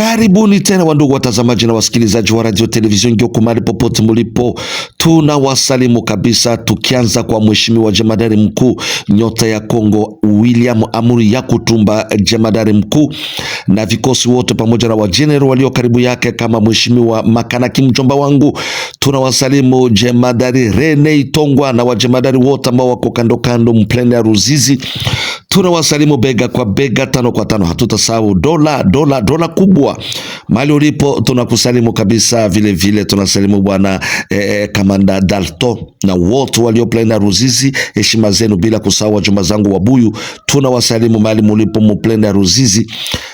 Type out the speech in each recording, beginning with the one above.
Karibuni tena wandugu watazamaji na wasikilizaji wa radio televizion Ngyoku, popote mulipo, tuna wasalimu kabisa, tukianza kwa mheshimiwa jemadari mkuu nyota ya Kongo William Amuri Kutumba, jemadari mkuu na vikosi wote pamoja na wajenerali walio karibu yake, kama mheshimiwa Makanaki mjomba wangu. Tuna wasalimu jemadari Rene Itongwa na wajemadari wote ambao wako kandokando kando ya Ruzizi tunawasalimu bega kwa bega, tano kwa tano. Hatutasahau dola dola dola kubwa mali ulipo, tunakusalimu kabisa. Vile vile tunasalimu bwana eh, eh kamanda Dalto na wote walioplena Ruzizi, heshima zenu, bila kusahau wajomba zangu Wabuyu, tunawasalimu mali mulipo muplena Ruzizi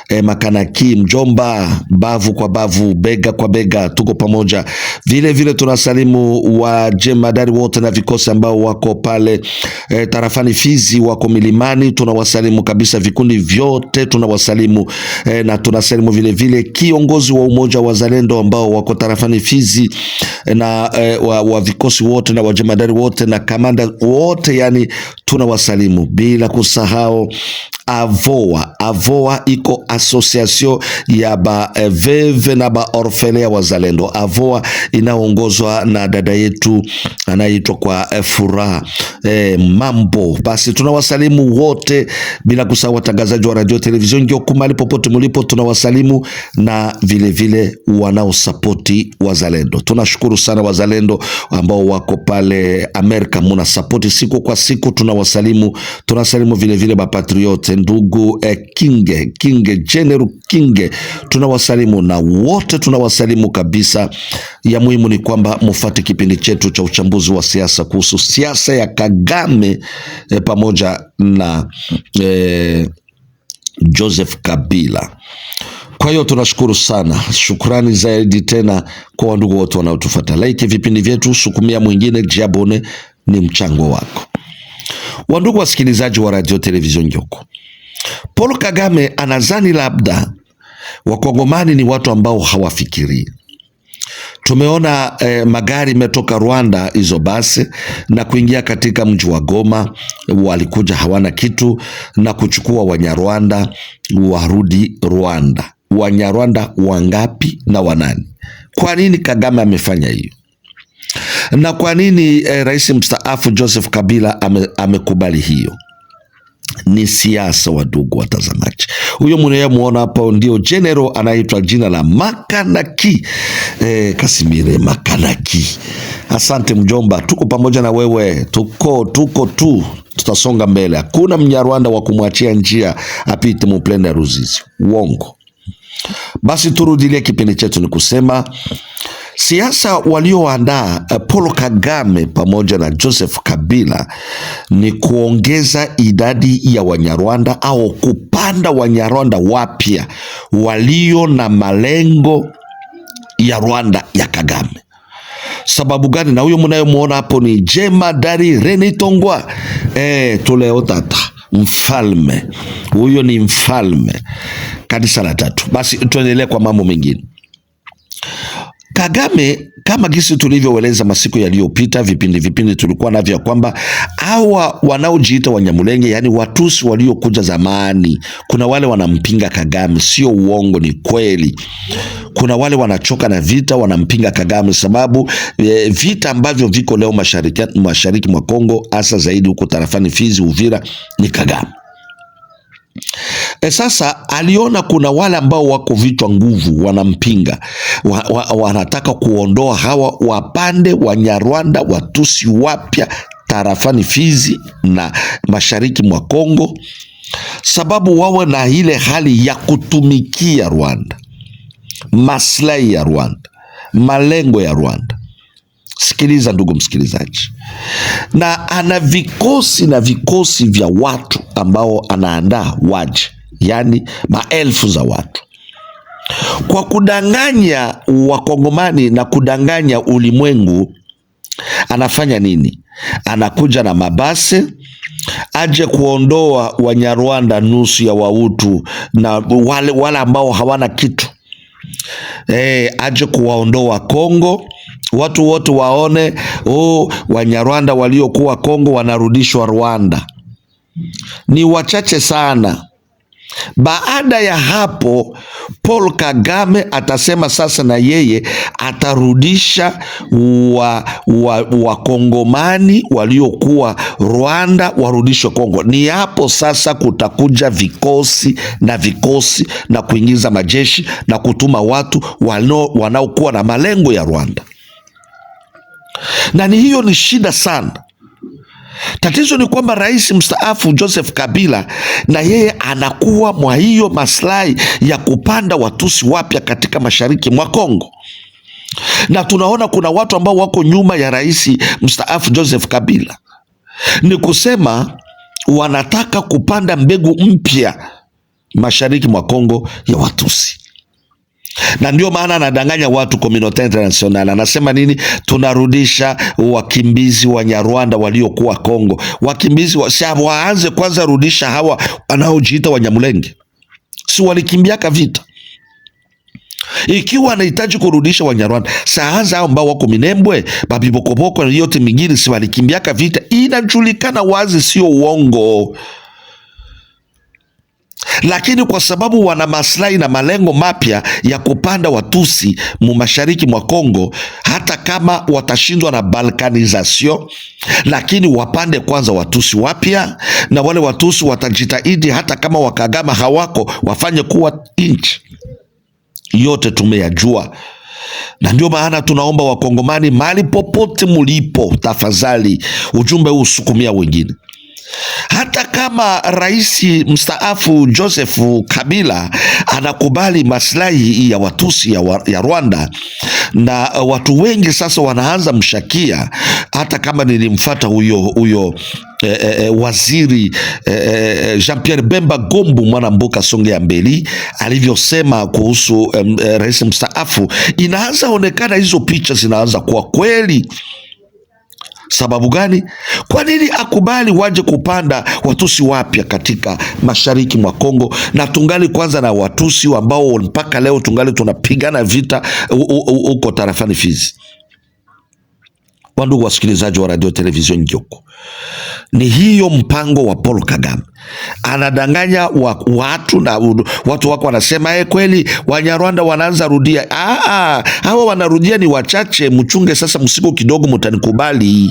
eh, Makanaki, Mjomba, bavu kwa bavu, bega kwa bega, tuko pamoja. Vile vile tunasalimu wajemadari wote na vikosi ambao wako pale eh, tarafani Fizi, wako milimani, tunawasalimu kabisa, vikundi vyote tunawasalimu eh, na tunasalimu vile vile kiongozi wa umoja wa Zalendo ambao wako tarafani Fizi eh, na eh, wa, wa vikosi wote na wajemadari wote na kamanda wote yani tunawasalimu bila kusahau Avoa. Avoa iko association ya eh, veve na baorfelea wazalendo. Avoa inaongozwa na dada yetu anayeitwa kwa eh, Furaha e, Mambo. Basi tunawasalimu wote bila kusahau watangazaji wa radio televisheni Ngyokumali popote mulipo, tunawasalimu na vilevile wanaosapoti wazalendo. Tunashukuru sana wazalendo ambao wako pale Amerika, muna sapoti siku kwa siku tuna wasalimu, vile vilevile mapatriote ndugu eh, Kinge Kinge General Kinge, tunawasalimu na wote tunawasalimu kabisa. Ya muhimu ni kwamba mufate kipindi chetu cha uchambuzi wa siasa kuhusu siasa ya Kagame eh, pamoja na eh, Joseph Kabila. Kwa hiyo tunashukuru sana, shukrani zaidi tena kwa wandugu wote wanaotufuata. Like vipindi vyetu, sukumia mwingine, jiabone, ni mchango wako. Wandugu wasikilizaji wa radio television Ngyoku, Paul Kagame anazani labda wakongomani ni watu ambao hawafikirii. Tumeona eh, magari imetoka Rwanda hizo basi na kuingia katika mji wa Goma, walikuja hawana kitu na kuchukua Wanyarwanda warudi Rwanda. Wanyarwanda wangapi na wanani? Kwa nini Kagame amefanya hiyo? Na kwa nini eh, rais mstaafu Joseph Kabila ame, amekubali hiyo? Ni siasa, wadugu watazamaji. Huyo mnayemwona hapo ndio general anaitwa jina la Makanaki eh, Kasimire Makanaki. Asante mjomba, tuko pamoja na wewe, tuko tuko tu tutasonga mbele. Hakuna mnyarwanda wa kumwachia njia apite muplenda Ruzizi, uongo. Basi turudilie kipindi chetu, ni kusema Siasa walioandaa eh, Paul Kagame pamoja na Joseph Kabila ni kuongeza idadi ya Wanyarwanda au kupanda Wanyarwanda wapya walio na malengo ya Rwanda ya Kagame. Sababu gani? Na huyo mnayemwona hapo ni jemadari Renitongwa e, eh, tuleotata mfalme. Huyo ni mfalme kanisa la tatu. Basi tuendelee kwa mambo mengine. Kagame kama gisi tulivyoeleza masiku yaliyopita, vipindi vipindi tulikuwa navyo ya kwamba hawa wanaojiita Wanyamulenge, yaani Watusi waliokuja zamani, kuna wale wanampinga Kagame. Sio uongo, ni kweli. Kuna wale wanachoka na vita, wanampinga Kagame sababu e, vita ambavyo viko leo mashariki, mashariki mwa Kongo, hasa zaidi huko tarafani Fizi, Uvira, ni Kagame. E, sasa aliona kuna wale ambao wako vichwa nguvu wanampinga, wa, wa, wanataka kuondoa hawa wapande wa Nyarwanda watusi wapya tarafani Fizi na mashariki mwa Kongo, sababu wawe na ile hali ya kutumikia Rwanda, maslahi ya Rwanda, malengo ya Rwanda. Sikiliza ndugu msikilizaji, na ana vikosi na vikosi vya watu ambao anaandaa waje yaani maelfu za watu kwa kudanganya Wakongomani na kudanganya ulimwengu. Anafanya nini? Anakuja na mabasi aje kuondoa Wanyarwanda, nusu ya Wautu na wale, wale ambao hawana kitu e, aje kuwaondoa Kongo, watu wote waone oh, Wanyarwanda waliokuwa Kongo wanarudishwa Rwanda. Ni wachache sana baada ya hapo Paul Kagame atasema sasa na yeye atarudisha wakongomani wa, wa waliokuwa Rwanda warudishwe Kongo. Ni hapo sasa kutakuja vikosi na vikosi na kuingiza majeshi na kutuma watu wanaokuwa na malengo ya Rwanda, na ni hiyo ni shida sana Tatizo ni kwamba rais mstaafu Joseph Kabila na yeye anakuwa mwa hiyo maslahi ya kupanda Watusi wapya katika mashariki mwa Kongo na tunaona kuna watu ambao wako nyuma ya rais mstaafu Joseph Kabila, ni kusema wanataka kupanda mbegu mpya mashariki mwa Kongo ya Watusi na ndio maana anadanganya watu Communaute International. Anasema nini? Tunarudisha wakimbizi wa Nyarwanda waliokuwa Kongo. Wakimbizi wa, waanze kwanza rudisha hawa wanaojiita Wanyamulenge, si walikimbiaka vita? Ikiwa anahitaji kurudisha Wanyarwanda, saanza hao ambao wako Minembwe, Babibokoboko na yote mingine, si walikimbiaka vita? Inajulikana wazi, sio uongo lakini kwa sababu wana maslahi na malengo mapya ya kupanda Watusi mu mashariki mwa Kongo, hata kama watashindwa na balkanizasio, lakini wapande kwanza Watusi wapya, na wale Watusi watajitahidi hata kama wakagama hawako, wafanye kuwa nchi. Yote tumeyajua na ndio maana tunaomba Wakongomani, mali popote mulipo, tafadhali ujumbe huu usukumia wengine. Hata kama rais mstaafu Joseph Kabila anakubali maslahi ya Watusi ya, wa, ya Rwanda, na watu wengi sasa wanaanza mshakia. Hata kama nilimfata huyo huyo E, e, waziri e, Jean Pierre Bemba Gombu mwana mbuka songe ya mbeli alivyosema kuhusu e, rais mstaafu, inaanza onekana hizo picha zinaanza kuwa kweli. Sababu gani? Kwa nini akubali waje kupanda Watusi wapya katika mashariki mwa Kongo, na tungali kwanza na Watusi ambao mpaka leo tungali tunapigana vita huko tarafani Fizi. Wandugu wasikilizaji wa radio televisheni Ngyoku, ni hiyo mpango wa Paul Kagame anadanganya wa, watu na watu wako wanasema e, kweli Wanyarwanda wanaanza rudia. Aa, hawa wanarudia ni wachache, mchunge sasa, msiku kidogo mtanikubali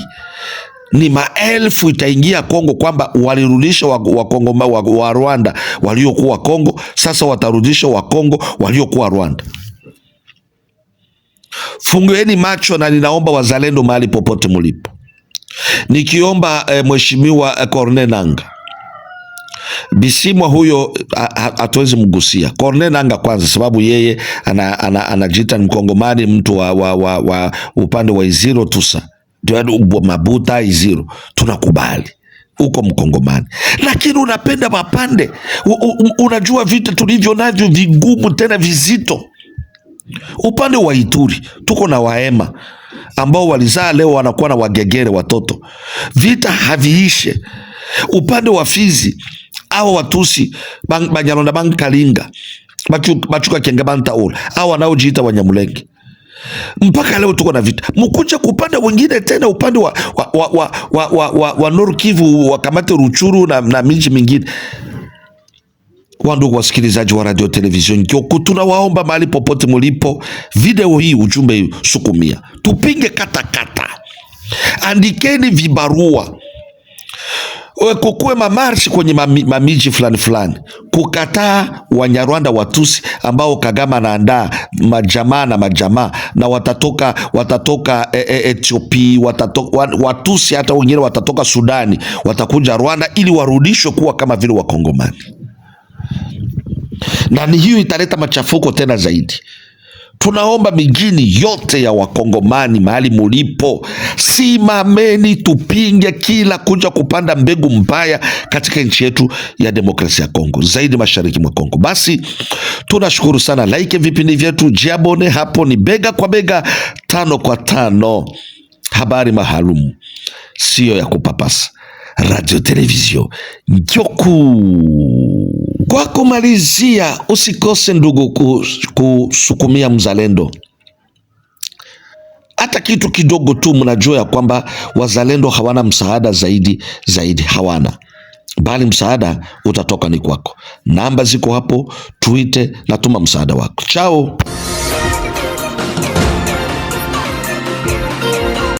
ni maelfu itaingia Kongo, kwamba walirudisha Wakongo wa, wa, wa Rwanda waliokuwa Kongo, sasa watarudisha Wakongo waliokuwa Rwanda. Fungueni macho na ninaomba wazalendo mahali popote mulipo nikiomba e, mheshimiwa eh, Corne Nanga Bisimwa huyo hatuwezi mgusia Corne Nanga kwanza, sababu yeye anajita ana, ana, ana Mkongomani, mtu wa, wa, wa, wa upande wa Iziro tusa Mabuta Iziro, tunakubali uko Mkongomani, lakini unapenda mapande u, u, unajua vita tulivyo navyo vigumu tena vizito Upande wa Ituri tuko na Waema ambao walizaa leo wanakuwa na Wagegere watoto, vita haviishe. Upande wa Fizi awa Watusi bang, Banyalonda Bankalinga Bachuka Kenga Bantaula awa wanaojiita Wanyamulenge mpaka leo tuko na vita. Mkuja kupanda wengine tena upande wa, wa, wa, wa, wa, wa, wa, wa Nord Kivu wakamate Ruchuru na, na miji mingine Wandugu wasikilizaji wa radio televisheni Ngyoku, tunawaomba mahali popote mulipo, video hii ujumbe sukumia, tupinge katakata, andikeni vibarua kukuwe mamarshi kwenye mamiji fulani fulani kukataa Wanyarwanda Watusi ambao Kagame anaandaa majamaa na majamaa na watatoka watatoka e, e, Ethiopia watatoka, Watusi hata wengine watatoka Sudani watakuja Rwanda ili warudishwe kuwa kama vile Wakongomani na ni hiyo italeta machafuko tena zaidi. Tunaomba mijini yote ya Wakongomani mahali mulipo, simameni tupinge kila kuja kupanda mbegu mbaya katika nchi yetu ya demokrasia ya Kongo, zaidi mashariki mwa Kongo. Basi tunashukuru sana, like vipindi vyetu, jiabone hapo, ni bega kwa bega, tano kwa tano, habari maalumu, siyo ya kupapasa radio television Jukuu. Kwa kumalizia, usikose ndugu kusukumia mzalendo hata kitu kidogo tu. Mnajua ya kwamba wazalendo hawana msaada zaidi zaidi, hawana bali msaada utatoka ni kwako. Namba ziko hapo, tuite na tuma msaada wako. Chao.